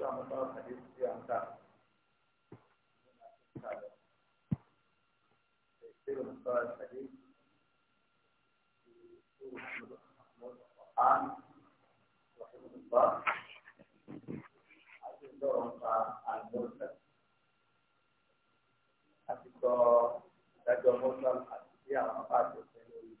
kira masalah hadis yang tak kira masalah hadis Quran rahimahullah hadis dorong ka al mursal hadis do dajjal mursal hadis yang apa tu syahid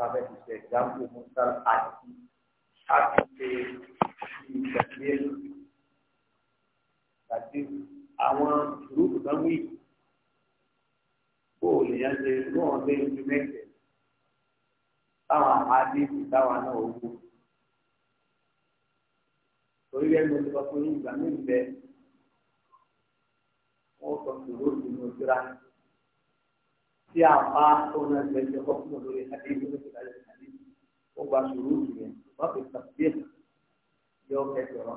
sabe que se example mostrar aqui aqui que brasileiro àti àwọn gúrúùpù náà wí bó o lè yàn ṣe bó wọn ṣe ju mẹsẹ táwọn àdéhùn táwọn náà wò torí ẹni oṣù kan fún yín ìgbà mí bẹ wọn sọ gúrúùpù ní ojú rà tí a bá ọ̀nà ìgbẹ́jọ́ ọ̀pọ̀ lórí àdéhùn lórí ìdájọ́ ìdájọ́ ó gba sùúrù jù yẹn wọ́n fi tàbí yọ kẹjọ rọ.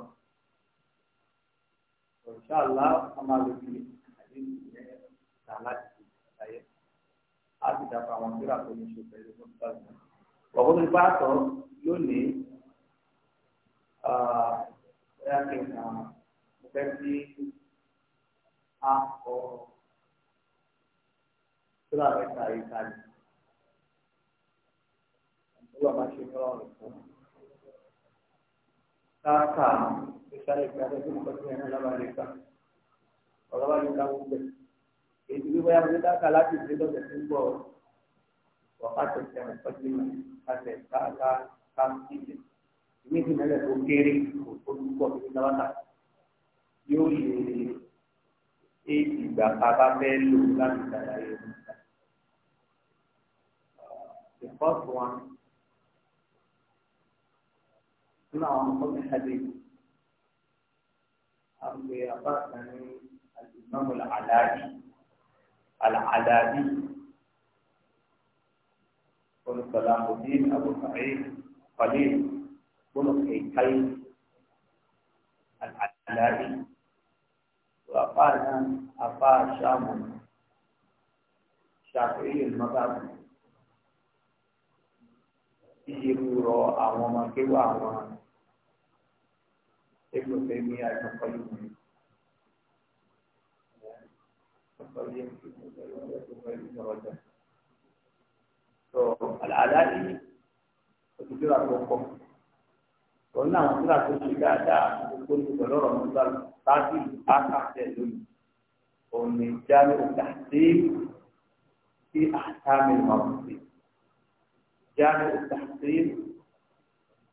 Ìṣàlá ọmọlùkì àdéhùn yẹn tà láti fi ìdáyẹ. A ti dàpọ̀ àwọn ìṣúra tó ní ṣe pẹ̀lú mọ́tò náà. Ọ̀pọ̀ nípa àtọ̀ lónìí ẹ̀yà mo fẹ́ kí a síra rẹ̀ ká yí ká ní. Ọlọ́run máa ṣe ní ọ̀rọ̀ fún un. Káàkà ìṣàlẹ̀ ìgbàlẹ̀ tó ń bọ̀ sí ẹ̀rọ lọ́wọ́ rẹ̀ ká. Ọ̀rọ̀ wá ní ká gbogbo ẹ̀. Èyí wíwá yàrá ní káàkà láti ìdílé lọ́sẹ̀ tó ń bọ̀ wàhálà tẹ̀wọ̀n pẹ̀lú àtẹ̀ káàkà káàkiri. Ìmí ìdílé tó kéré kò tó ń Yóò ṣe é ìgbà bàbá fẹ́ lò láti ṣàlàyé mi. The first one, نعم الحديث حديث أم بيقاتني يعني الإمام العلاجي العلاجي بن صلاح الدين أبو سعيد خليل بن قيقين العلالي وقال أفا شام شافعي المذهب irú rọ àwọn ọmọ kéwà àwọn ẹgbẹ̀fẹ́ ní àjọkọ́ yìí so àdáyé oṣù tí wà tó kọ òun náà wọn tíra tó ṣe dáadáa gbogbo ní ìgbà lọ́rọ̀ nígbà táàbì àkàtẹ lónìí òun ní jáde òkà sí sí àtàmì màmúsí. جامع التحصيل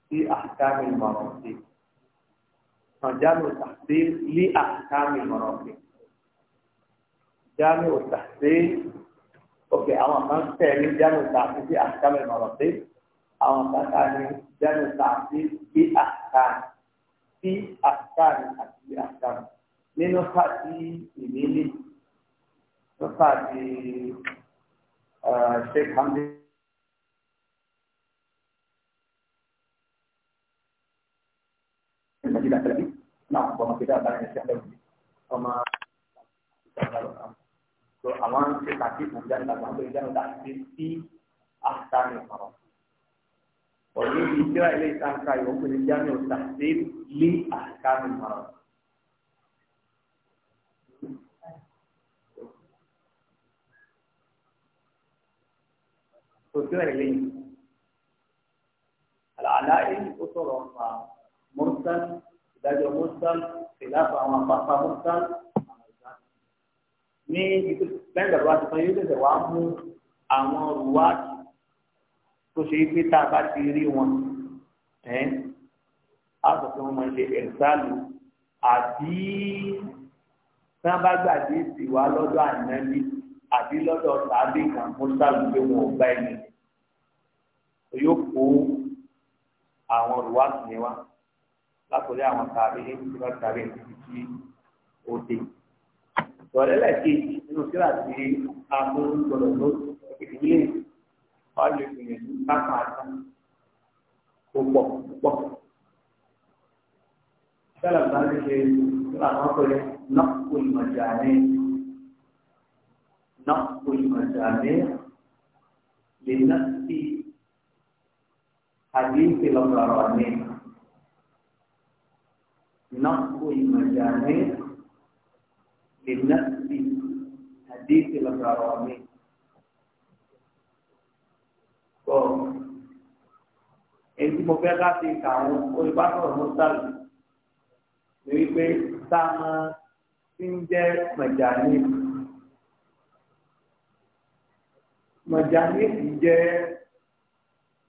في أحكام المراتب جامع التحصيل لأحكام المراتب جامع التحصيل أوكي أما كان تعمل جامع التحصيل في أحكام المراتب أما كان تعمل جامع التحصيل في أحكام في أحكام في أحكام nínú káàdì ìmílí nínú káàdì ṣe náà ọmọ kejì àbáyé ṣe àbẹ̀wò ọmọ ìṣàbẹ̀wò náà tó àwọn ṣe tàbí ìjà ìtàgbà ń bẹ ìjà ìtàgbà ti sí àtàní ọ̀rọ̀ ọ̀dọ́ yìí jẹ́ ilé ìtàkà ìwọ́pẹ́ ní jáde ọ̀tà sí lé àtàní ọ̀rọ̀. sosial link. Al-Ala'i itu ìdájọ́ mọ́sán ìlàfà àwọn apáta mọ́sán àmàlùsán. ní ibi lẹ́yìn ìgbàgbọ́ àti kan yóò tẹ̀sẹ̀ wá mú àwọn rúwáàtì tó ṣe pé tá a bá ti rí wọn ẹ́ á sọ pé wọ́n máa ń ṣe ẹ̀sálù àbí tí wọ́n bá gbàgbé sí wa lọ́dọ̀ ànábì àbí lọ́dọ̀ tàbí kan mọ́sálù pé wọn ò gbá ẹni yóò kó àwọn rúwáàtì yẹn wá látòrí àwọn tàbí tí wọ́n tàbí títí tí ó dé. Ìtọ́lẹ́lẹ̀ kejì nínú síra tí a tó ń gbọdọ̀ ló ìdílé ọ̀lẹ́ ìgbìyànjú kápá àtàn tó pọ̀ púpọ̀. Sẹ́lẹ̀ bá ń ṣe nígbà tó ń pèlè nọ́ọ̀kù ìmọ̀jà ní nọ́ọ̀kù ìmọ̀jà ní lè náà sí àdéhùn ìlọ́gbàrọ̀ ní. نصب المجامع لنفس حديث الغرامي èyí tí mo fẹ́ láti kà àwọn olùbásọ̀rọ̀ mọ́tàlù ni wípé sáà ti ń jẹ́ mọ̀jàní mọ̀jàní kì í jẹ́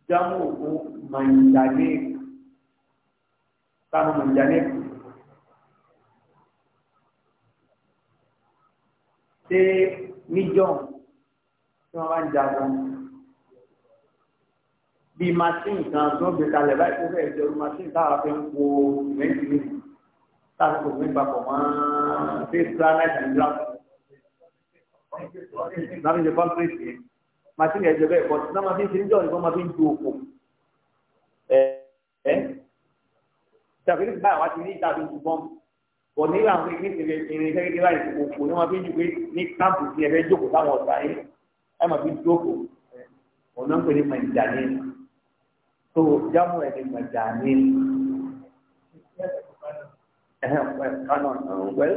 jámù fún mọ̀jàní sáà mọ̀jàní kì ṣé míjọ̀n tí wọ́n bá ń jagun bí machine kan tó ń gbé kalẹ̀ báyìí tó fẹ́ẹ́ jẹun machine táwa fi ń po mẹ́tì ní táwa kò ní papọ̀ mọ́ face granite and black láti ṣe concrete yẹn machine yẹn jẹ bẹ́ẹ̀ bọ́ tí wọ́n máa fi ń ṣe níjọ́ ni wọ́n máa fi ń du òkò ẹ̀ ẹ́ tàbí nígbà wá ti ní ìta fi ń kò ní ìlànà ní ìṣẹ̀lẹ̀ irinṣẹ́ kékeré láì fò fò ní wọn fi jù pé ní káàpù tí ẹ fẹ́ jókòó táwọn ọ̀tá yín ẹ máa fi jókòó ọ̀nà ń pè ní mẹ̀jáni tó jámù ẹ̀ ní mẹ̀jáni. kánọ̀ wẹ́l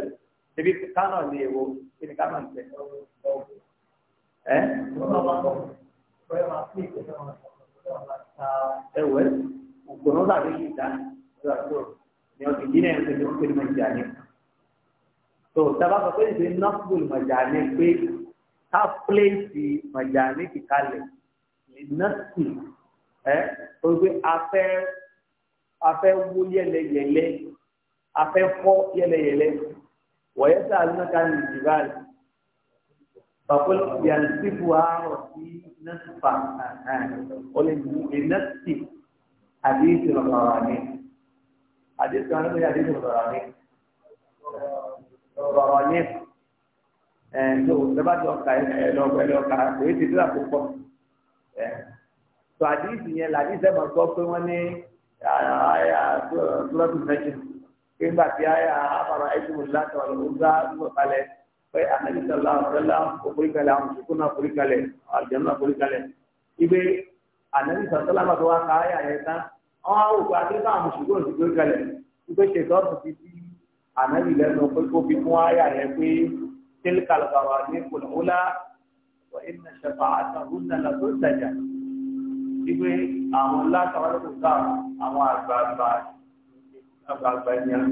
ebi kánọ̀ ní èwo kí ni kánọ̀ ń tẹ̀. ẹ wẹ́l ògbónó làbẹ́ yìí dá ẹ lọ́wọ́ lókè mọ̀jáni. tó tábà sọ pé ìṣe nọ́ọ̀bù mọ̀jáni pé ká pléèsì mọ̀jáni kíkalẹ̀ nọ́ọ̀sì ẹ́ o pé afẹ́ afẹ́ wú yẹlẹyẹlẹ afẹ́ fọ́ yẹlẹyẹlẹ wọ̀nyẹ́ sá alúnáka ní ìdìbàlì bàbá yàtìfù àárọ̀ sí nọ́ọ̀sì fà ọ̀lẹ́ni nọ́ọ̀sì àbí ìṣòro àwọn àmì. Hadis kan itu hadis Tabarani. Eh, eh, Tabarani. Eh, tu sebab tu kaya kaya elok kaya, tu itu aku pun, Eh, so hadis ni eh, lagi saya maksud tu mana? Ya, surat Najm. Kembali ayat apa lah rahimul Allah wal Uzza kalẹ̀ pé anabi sallallahu alaihi wasallam òkúri kalẹ̀ àwọn sukuna òkúri kalẹ̀ aljanna al jannah Ibe anabi sallallahu alaihi wasallam àti wa kaya ayat àwọn àwòkọ́ àti sáà mùsùlùmí ti gbé kalẹ̀ wípé ṣètò ọ̀sùn ti di ànábì lẹ́nu pé kó fi fún àyà yẹn pé tílkà lọ́wọ́ ní kòlòmúlá wọ́n iná ṣẹ̀fà àtàwọn ìnàlá tó ṣàjà wípé àwọn látàwọn lọ́kùn sáà àwọn àgbààgbà àgbààgbà ènìyàn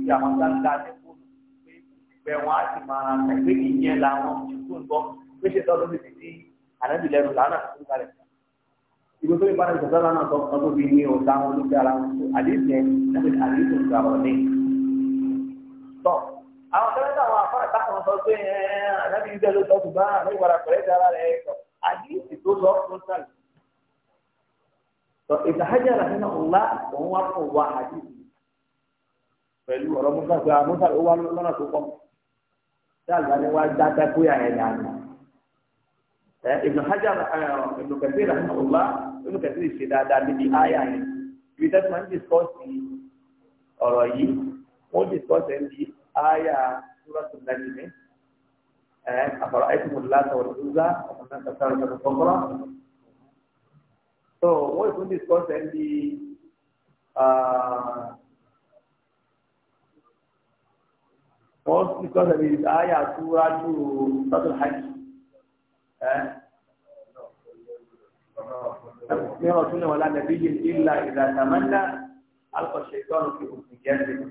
tí àwọn sáńtà ní fóònù pé ìgbẹ́ wọn á sì máa tẹ̀lé ìyẹn làwọn mùsùlùmí gbọ́ pé ṣètò ọ̀sùn ti di ànábì lẹ́nu lánàá tó ìgbé tó lè bá nàìjíríà sọ́dọ̀ náà tọ́kàn tó fi ní ọ̀tá wọn ló fi ara wọn tó àdéhùn yẹn láti àdéhùn ìgbà wọn ní. tọ́ àwọn kẹ́lẹ́dà àwọn afárá táwọn sọ pé ànábì ìdílé ló sọ ṣùgbọ́n àná ìwàrà pẹ̀lẹ́ ti ara rẹ̀ sọ àdéhùn tó lọ tó sàlẹ̀. tọ́ ìtàhájà rẹ̀ nínú ọ̀la òun wá fún wa àdéhùn pẹ̀lú ọ̀rọ̀ mọ́tàgbà mọ́tàgbà ó wá lọ́nà tó pọ̀ Eh, ibn hajar eh, ibn kathir rahimahullah ibn kathir ṣe dáadáa níbi àyà yẹn ibi tẹ́tí máa ń discourse ọ̀rọ̀ yìí wọ́n discourse ẹ̀ ní àyà súrọ̀tù nàìjíríà ẹ̀ àfọ̀rọ̀ àìsàn láta wọ̀lú ṣúgà ọ̀nà kàtàrà kàtàrà kọ̀kọ́rọ̀ so wọ́n ìfún discourse ẹ̀ ní ah, wọ́n discourse ẹ̀ ní àyà súrọ̀tù nàìjíríà من رسول ولا نبي إلا إذا تمنى ألقى الشيطان في أذن جنبه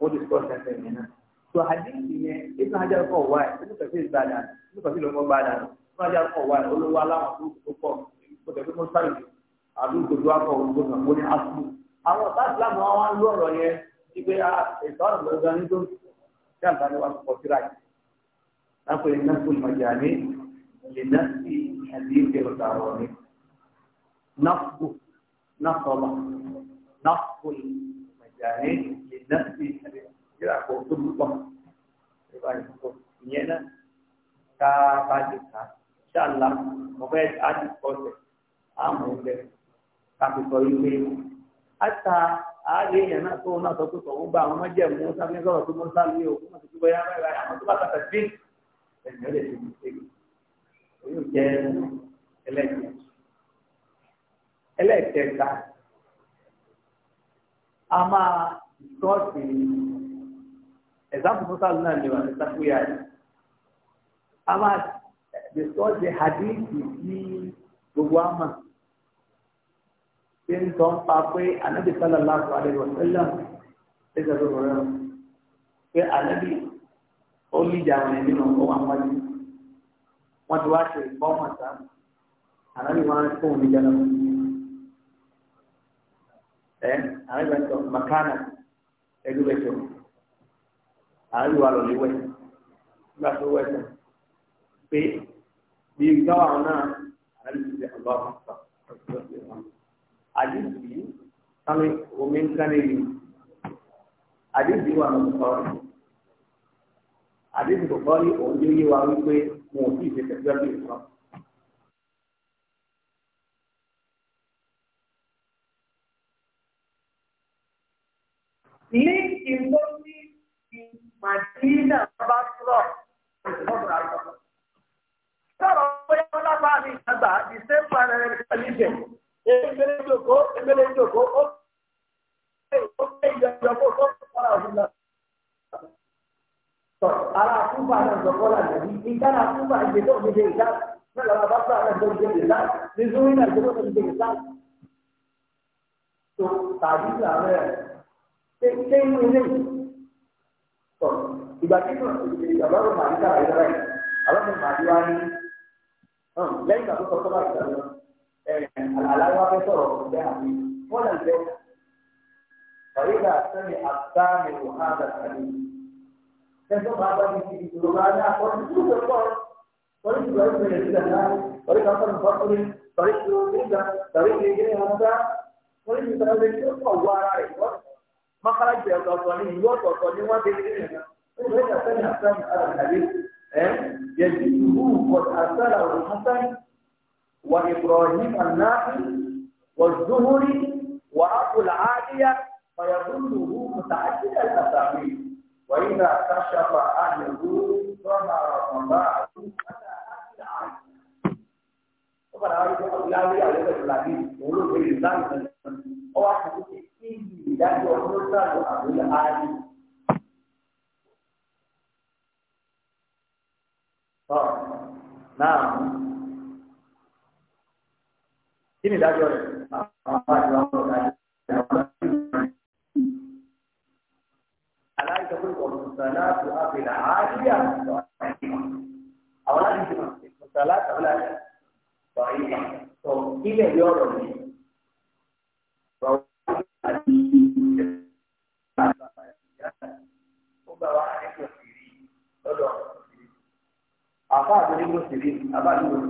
قدس قوة سنتين so hadithi yẹn ibùdó hajj alukọ wa ẹ ibùdó kẹfì ìbàdàn ibùdó kẹfì lọmọ ìbàdàn ibùdó hajj alukọ wa ẹ olówó aláwọ tó pọ̀ ibùdó kẹfì mọsáyì àdúgbò tó akọ òwúgbò náà wọn ni asu àwọn ọ̀tá ìsìlámù wọn wá ń lú ọ̀rọ̀ yẹn ìgbé ah, ètò ọ̀rọ̀ gbọ̀ngàn nítorí kí àgbà ni wọn kọ̀ síra yìí lápò yẹn لنفس حديث الدعواني نصب نصب نصب المجانين لنفس حديث يبقى كتب الله يبقى كتب ينا كاباجتا إن شاء الله مبيت أجل قوتك أمودك kàpìtọ̀ ìwé àtà àárẹ̀ èèyàn náà tó náà sọ pé sọ̀rọ̀ bá àwọn ọmọdé ẹ̀mú sáfẹ́ sọ̀rọ̀ tó mọ́ sálẹ̀ òkú mọ̀ sí pé bóyá báyìí àwọn tó bá kàtà sí ẹ̀mí ọ̀lẹ̀ tó ti ṣe yóò jẹ́ ẹlẹ́kẹ̀ẹ́ ẹlẹ́kẹ̀ẹ́ta a máa sọ́ọ̀sì ẹ̀sáàpù mọ́sálù náà lè wà ní sákúyà yìí a máa sọ́ọ̀sì hadithi sí gbogbo àmà tí ń tọ́ ń pa pé anábì sallallahu alaihi wa sallam ẹ̀sẹ̀ tó rọrùn pé anábì ó lè jà wọn nínú ọwọ́ àwọn wọ́n ti wá ṣe ìgbọ́mọ̀ sá ànábì máa ń fún mi jẹ́nà ẹ̀ ànábì máa ń sọ makana ẹlúwẹ̀tọ̀ ànábì wà lọ́lẹ̀ wẹ̀ nígbà tó wẹ̀ tán pé bí ìgbàwà náà ànábì ti ṣe ọgbà wọn sọ àdìsí sámi omi ń kánilì àdìsí wà lọ́sọ̀rọ̀ àdéhùn tó kọ́ ní òun yóò yé wa wípé wọn ò tí ì ṣe tẹ̀síwájú ìsọ́. ní ìlú ní màdínà bá sọ̀rọ̀ ìfọ̀bùrà lọ́wọ́. sọ̀rọ̀ bóyá wọn lábá mi àgbà di sẹ́ńpà rẹ̀ pẹ̀lú ìjẹ̀. emele joko emele joko ó ṣe ìjọba kó tó kọ́ra òun náà tọ ara kúfà náà zọkọ la nàbí ìta náà kúfà ìgbésọ òdìdè ìta náà lọ́la bá fúra náà gbọ́dọ̀ ìgbésọ ìta ní zúwí náà gbọ́dọ̀ ìgbésọ ìta. tó tàbí làwọn ẹ̀ ṣe ṣe ń lé tọ ìgbà tí náà ìjọba ló máa ń kára ìjọba yìí àwọn ọmọ wá ní lẹ́yìn ìgbà tó sọ sọ́ba ìjọba ẹ̀ aláwọ̀ afẹ́ sọ̀rọ̀ ọ̀gbẹ́ àti wọ́n náà ń bẹ́ẹ̀ ẹjọ́ bá bá mi ti ìṣòro bá ní àkọ́jú tó wẹ̀ pọ̀ torí ìgbà ìgbà ìgbà ìgbà náà torí kan fọ́nù fọ́nùrí torí ìṣòro nígbà torí ìgbà ìgbà ìgbà torí ìgbà ìgbà ìgbà tó wọ ara rẹ̀ lọ. mọ́kàlájì ọ̀tọ̀ọ̀tọ̀ ni ìlú ọ̀tọ̀ọ̀tọ̀ ni wọ́n ti rí nìyẹn nígbà ìgbà sẹ́yìn àtàmì ara nàbí ẹ̀ yẹ̀dí ìlú wọ̀t àtàrà òhásán wà ibrahim anáfi wà zuhuri wà ákùlà áyíyá fàyàdúndùhù mùtàkìlẹ̀ àtàmì. وإذا كشف عنه ظهر الله فلا أدعى Kepada orang itu Abdulawi ada Abdulawi Mulu beri dan Orang itu tinggi dan dua puluh satu Abdulawi Nah, ini dah jual. Apa jual? والمصلات وأبي العالية أولا المصلات أولا ضعيفة إلى اليوم Apa ada yang mesti? Apa dulu?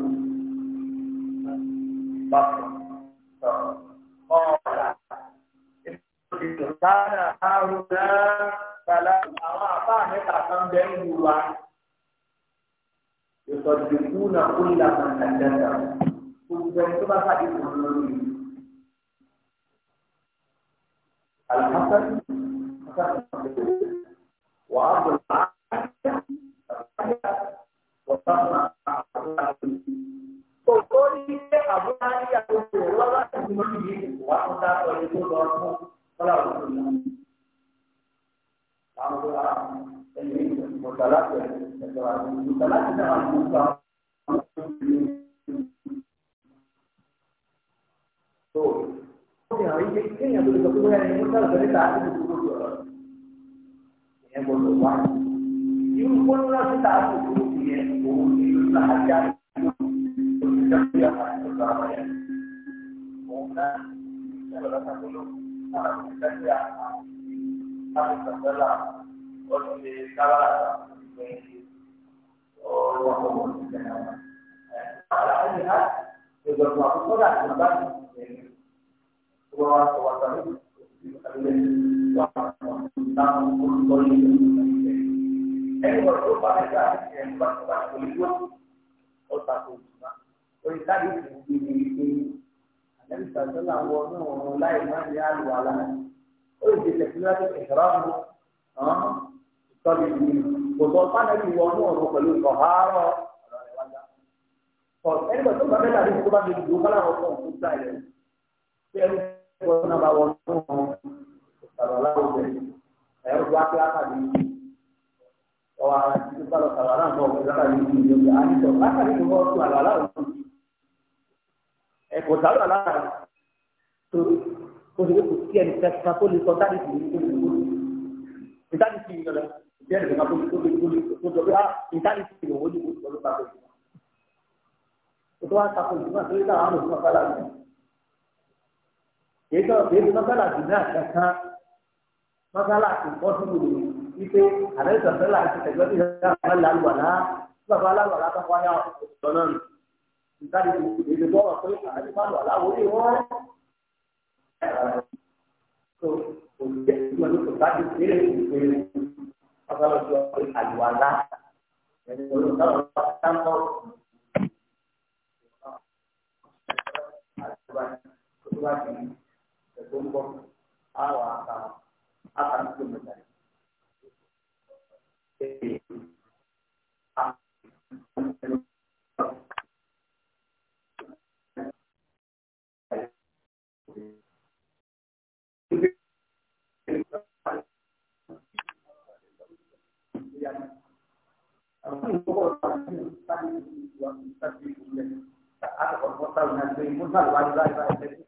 àdáta gbogbo ẹni tó bá pàdé ìwọ lórí alhassan hasan wà á bọ̀ láàárín ọ̀sán náà àwọn àti òkò ní ilé àbúrò àríyá tó ṣe wọ́n bá ti mú ní yìí wà á dá ọ̀rẹ́ tó lọ fún kọ́lá òkú náà. Àwọn ọ̀rẹ́ ẹni mọ̀tàlá tẹ̀ ẹ̀tọ́ àti mọ̀tàlá tẹ̀ náà ń gbà. náà ta àkókò yẹ òun ní ìlú àjà ìlú olùdarí àwọn ọ̀dọ́ àwọn yẹn. Òun náà ìṣẹ̀lẹ̀ sàkóló àwọn olùdarí àwọn àwọn sàkóló ọdún lè kára ìgbẹ́ ọ̀rọ̀ àwọn olùdarí àwọn. Àwọn ìhà ìgbàgbọ́ àkókò láti máa bá ìgbẹ́ wọ́n wá sọ wá sọ ní ìgbàgbọ́ àkókò láti máa bá ìgbẹ́ ẹ̀rọ tó bá ẹ̀dá ẹ̀rọ tó bá ẹ̀kọ́ lójú ọ̀tà tó tù bá. Orí táyé ti ń gbé ní ilé àlẹ́bí sàtọ́là wọ ní ọ̀run láì má ní àlù àlá. Ó lè tẹ̀sẹ̀ sí láti ìṣẹ̀rá mu ìtọ́lẹ̀ ìlú. Kò sọ pánẹ́lì wọ ní ọ̀run pẹ̀lú ìkọ̀hárọ̀ ẹgbẹ́ tó bá mẹ́ta lóko bá mi dùn bá làwọn fún òkú gbà yẹn tí ọwọ́ ara ti tó bá lọ sàrà náà bọ̀ ọ̀gbìn lára yìí ní ìjọba àníjọ látàrí ìwọ ọtún àlàlá òtún ẹ̀kọ́ sàrà lára tó kó ṣe kó sí ẹni kẹta tó lè sọ dáàdì tì ní kókò kókò ìdáàdì tì yọlẹ ìdáàdì tì máa tó lè tó lè tó jọ pé á ìdáàdì tì yọ wọlé kókò ló pàtó ìgbà tó wá takò ìgbà tó yẹ káwọn àwọn òṣùpá láti èyí tó èyí tó mọ́sálà wípé àlẹ́ ìsọ̀tẹ́ là ti tẹ̀gbẹ́ bí ìyá àwọn làlùwàlá bàbá làlùwàlá tó wáyà ọ̀sọ̀ náà nítorí ìdílé bọ́ pé àlẹ́ làlùwàlá wò ní wọ́n. tó o jẹ́ ìmọ̀ ní kòtà ti kéré ìpele bàbá lọ sọ pé àlùwàlá ẹni olùkọ́ lọ́wọ́ sáńkọ́. Ketua ini, ketua ini, awak akan akan itu menjadi Muchas gracias.